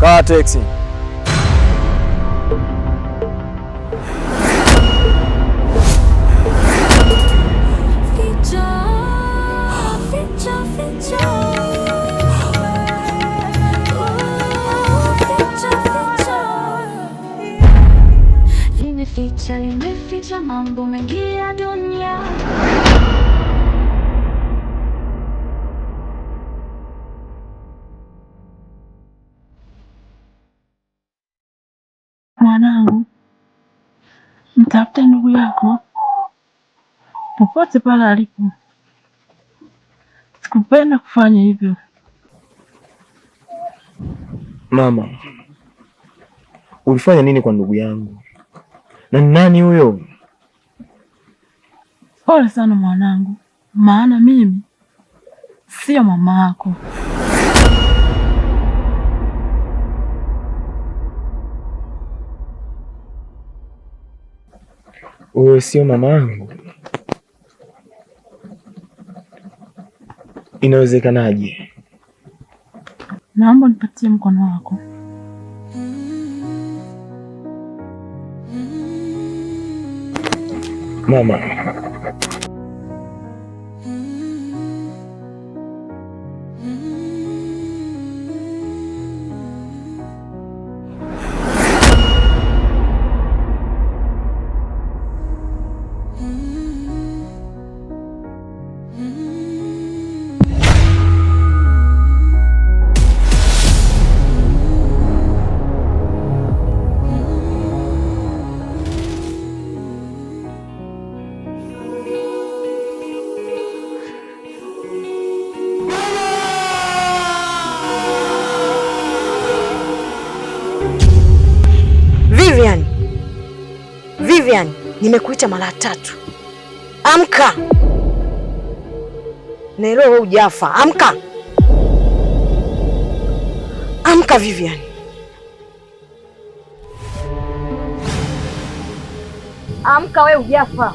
Kaa teksi. Nimeficha, nimeficha mambo mengi mwenzako popote pale alipo. Sikupenda kufanya hivyo mama. Ulifanya nini kwa ndugu yangu? Na ni nani huyo? Pole sana mwanangu, maana mimi sio mama yako. Wewe sio mamangu. Inawezekanaje? Naomba nipatie mkono wako. Mama. Nimekuita mara tatu, amka. Naelewa wewe Amka, amka Vivian. Amka wewe ujafa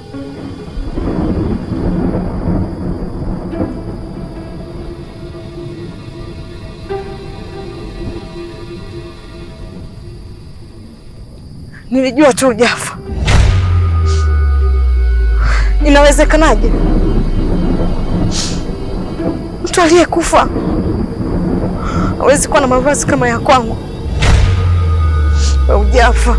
Nilijua tu ujafa Inawezekanaje mtu aliyekufa hawezi kuwa na mavazi kama ya kwangu? ujafa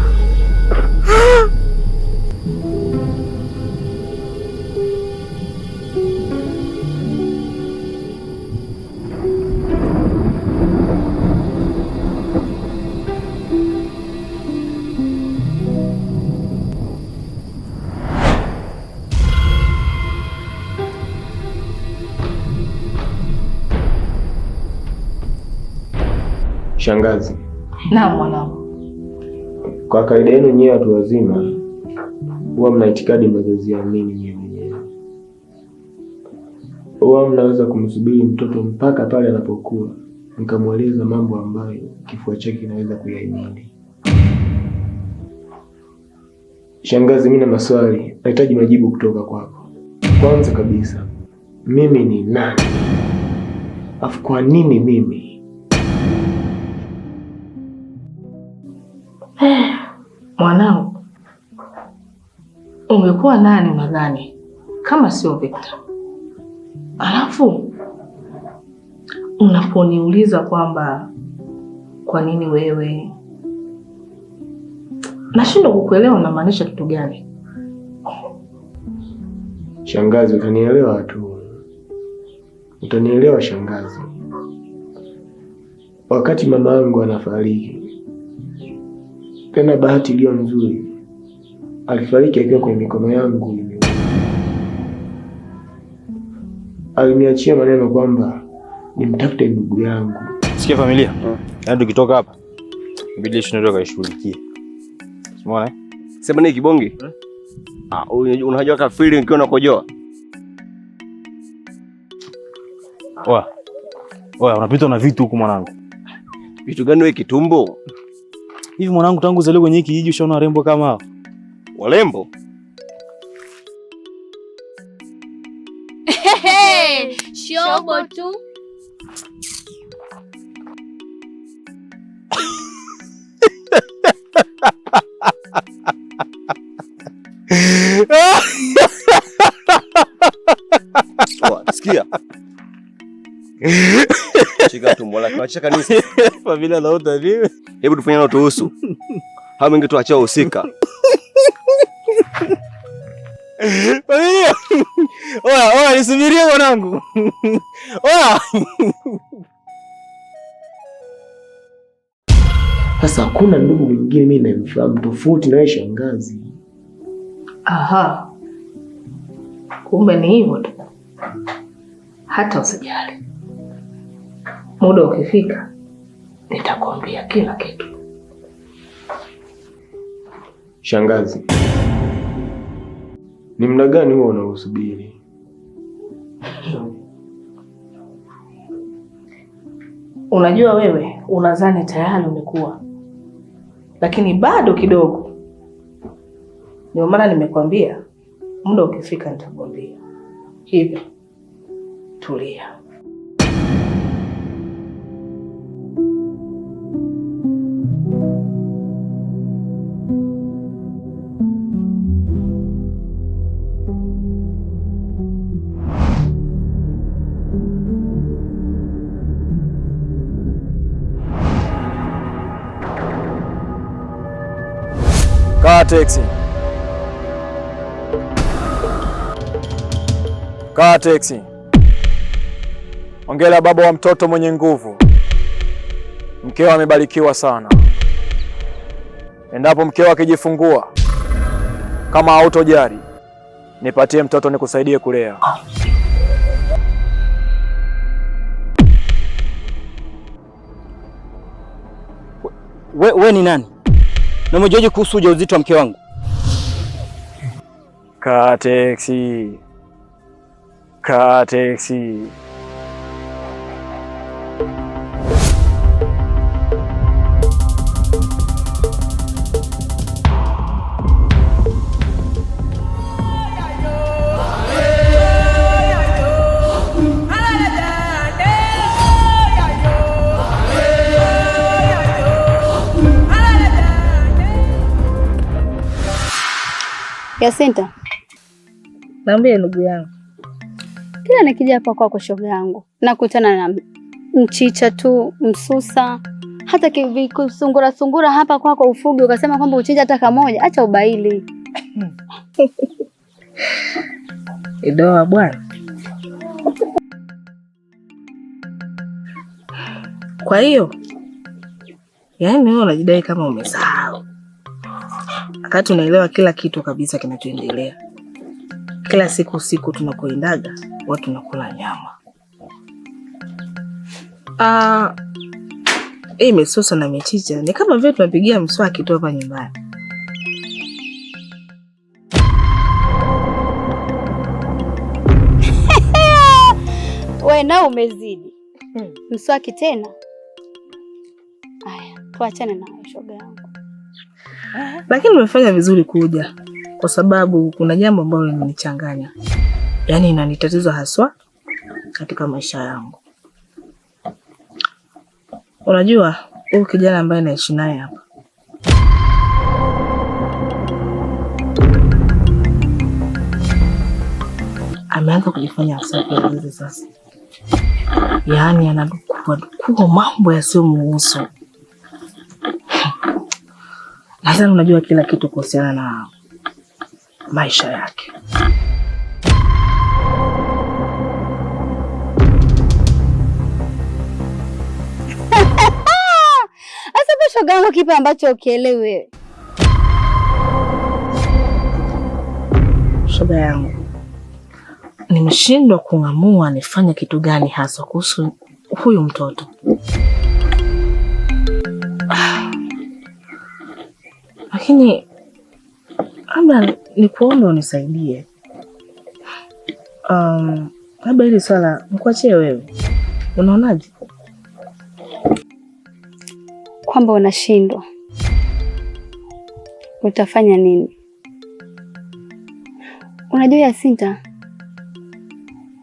Shangazi. Naam mwanangu. Kwa kawaida yenu nyewe watu wazima huwa mna itikadi mnazoziamini nyewe wenyewe, huwa mnaweza kumsubiri mtoto mpaka pale anapokuwa mkamweleza mambo ambayo kifua chake kinaweza kuyaimini. Shangazi, mimi na maswali nahitaji majibu kutoka kwako. Kwanza kabisa, mimi ni nani? Afu kwa nini mimi Mwanangu, ungekuwa nani unadhani kama sio Victor? Alafu unaponiuliza kwamba kwa nini wewe, nashindwa kukuelewa, unamaanisha kitu gani? Shangazi, utanielewa tu, utanielewa shangazi. Wakati mama yangu anafariki tena bahati iliyo nzuri, alifariki akiwa kwenye mikono yangu. Aliniachia maneno kwamba nimtafute ndugu yangu. Sikia familia, hmm. yaani tukitoka hapa bidii shule kaishughulikie. Umeona? Sema ni kibonge. Hmm? Ah, unajua feeling ukiwa unakojoa. Oya, oya, unapitwa na vitu huku mwanangu. Vitu gani wewe kitumbo? Hivi mwanangu, tangu uzaliwe kwenye kijiji ushaona warembo kama hao? Warembo? Shobo tu. Sikia. Chika tumbo lako, unacheka nini? Familia naota vipi? Hebu tufanye nao tuhusu. Hao wengi tuachao usika. Familia. Oya, oya, nisubirie mwanangu. Oya. Sasa hakuna ndugu mwingine mimi namfahamu tofauti na shangazi. Aha. Kumbe ni hivyo tu. Hata usijali. Muda ukifika nitakwambia kila kitu. Shangazi, ni muda gani huo unaosubiri? Unajua, wewe unadhani tayari umekuwa, lakini bado kidogo. Ndio maana nimekwambia muda ukifika nitakwambia. Hivyo tulia. Kaa teksi. Kaa teksi. Ongela baba wa mtoto mwenye nguvu. Mkeo amebarikiwa sana. Endapo mkeo akijifungua, kama hautojali, nipatie mtoto nikusaidie kulea. we, we ni nani na umejuaje kuhusu ujauzito wa mke wangu? Kateksi, kateksi. Yasinta, naambia ndugu yangu, kila nikija hapa kwako, shoga yangu, nakutana na mchicha tu, msusa, hata kivikusungura sungura hapa kwako kwa ufugi, ukasema kwamba uchinja hata kamoja. Acha ubaili idoa bwana. Kwa hiyo, yaani wewe unajidai kama umesahau Wakati unaelewa kila kitu kabisa kinachoendelea. Kila siku siku tunakoendaga watu tunakula nyama. Ah, hii misoso na michicha ni kama vile tunapigia mswaki tu hapa nyumbani. Wewe nao umezidi hmm. mswaki tena. Aya, tuachane na shoga yangu lakini umefanya vizuri kuja, kwa sababu kuna jambo ambalo linanichanganya, yaani inanitatiza haswa katika maisha yangu. Unajua huyu kijana ambaye naishi naye hapa ameanza kujifanya asaizi sasa, yaani anadukua dukua mambo yasiyomuhusu Nadhani unajua kila kitu kuhusiana na maisha yake. Asa shoga yangu, kipi ambacho ukielewe? Shoga yangu, nimeshindwa kung'amua nifanye kitu gani hasa kuhusu huyu mtoto. Ah lakini labda nikuombe unisaidie. Um, labda hili swala nikuachie wewe, unaonaje? Kwamba unashindwa utafanya nini? Unajua Yasinta,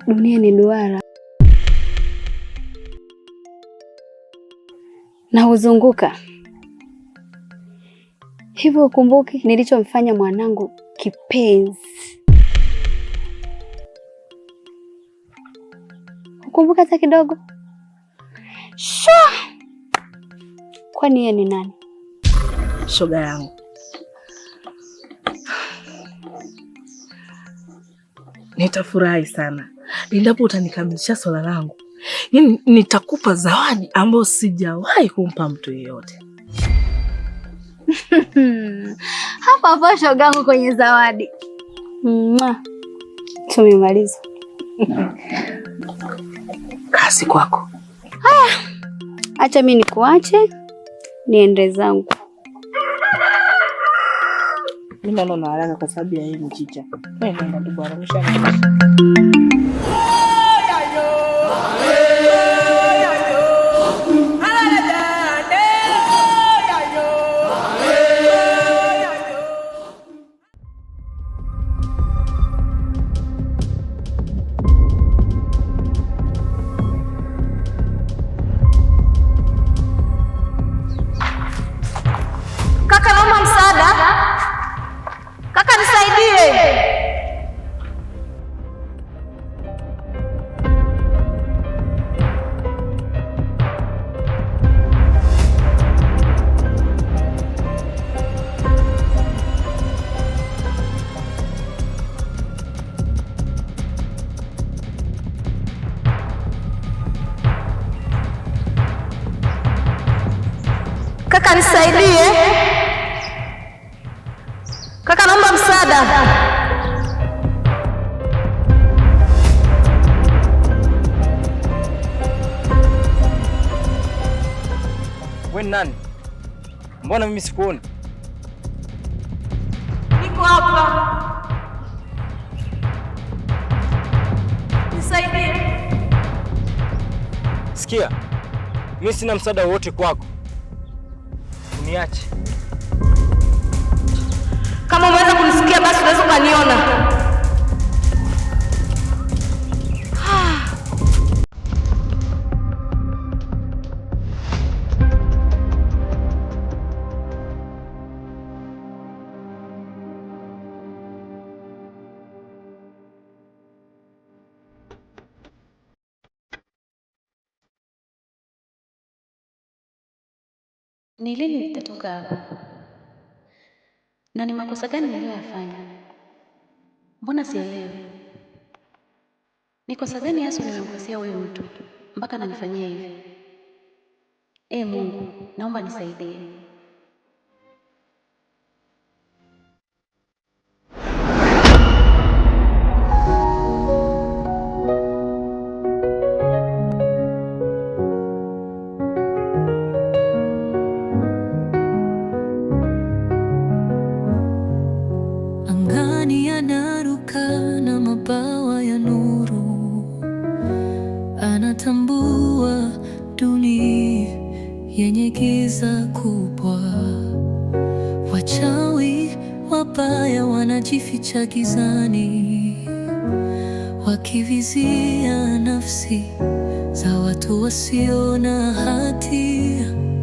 dunia ni duara na huzunguka hivyo ukumbuki nilichomfanya mwanangu kipenzi? Ukumbuka hata kidogo? Sha, kwani yeye ni nani? Shoga yangu, nitafurahi sana endapo utanikamilisha swala langu, yaani nitakupa zawadi ambayo sijawahi kumpa mtu yeyote. hapo hapo shogangu kwenye zawadi. Tumemaliza kazi kwako. Haya, acha mi nikuache niende zangu. Mimi naona haraka kwa sababu ya hii mchicha. nisaidie, kaka naomba msaada. Wewe nani? Mbona mimi sikuoni? Niko hapa, nisaidie. Sikia, mimi sina msaada wowote kwako Niache. Kama umeweza kunisikia basi unaweza ukaniona. Ni lini nitatoka hapa na ni makosa gani niliyoyafanya? Mbona sielewi ni kosa gani hasa nimemkosea huyu mtu mpaka ananifanyia hivi? Ee Mungu, naomba nisaidie. Angani anaruka na mabawa ya nuru, anatambua duni yenye giza kubwa. Wachawi wabaya wanajificha gizani, wakivizia nafsi za watu wasio na hatia.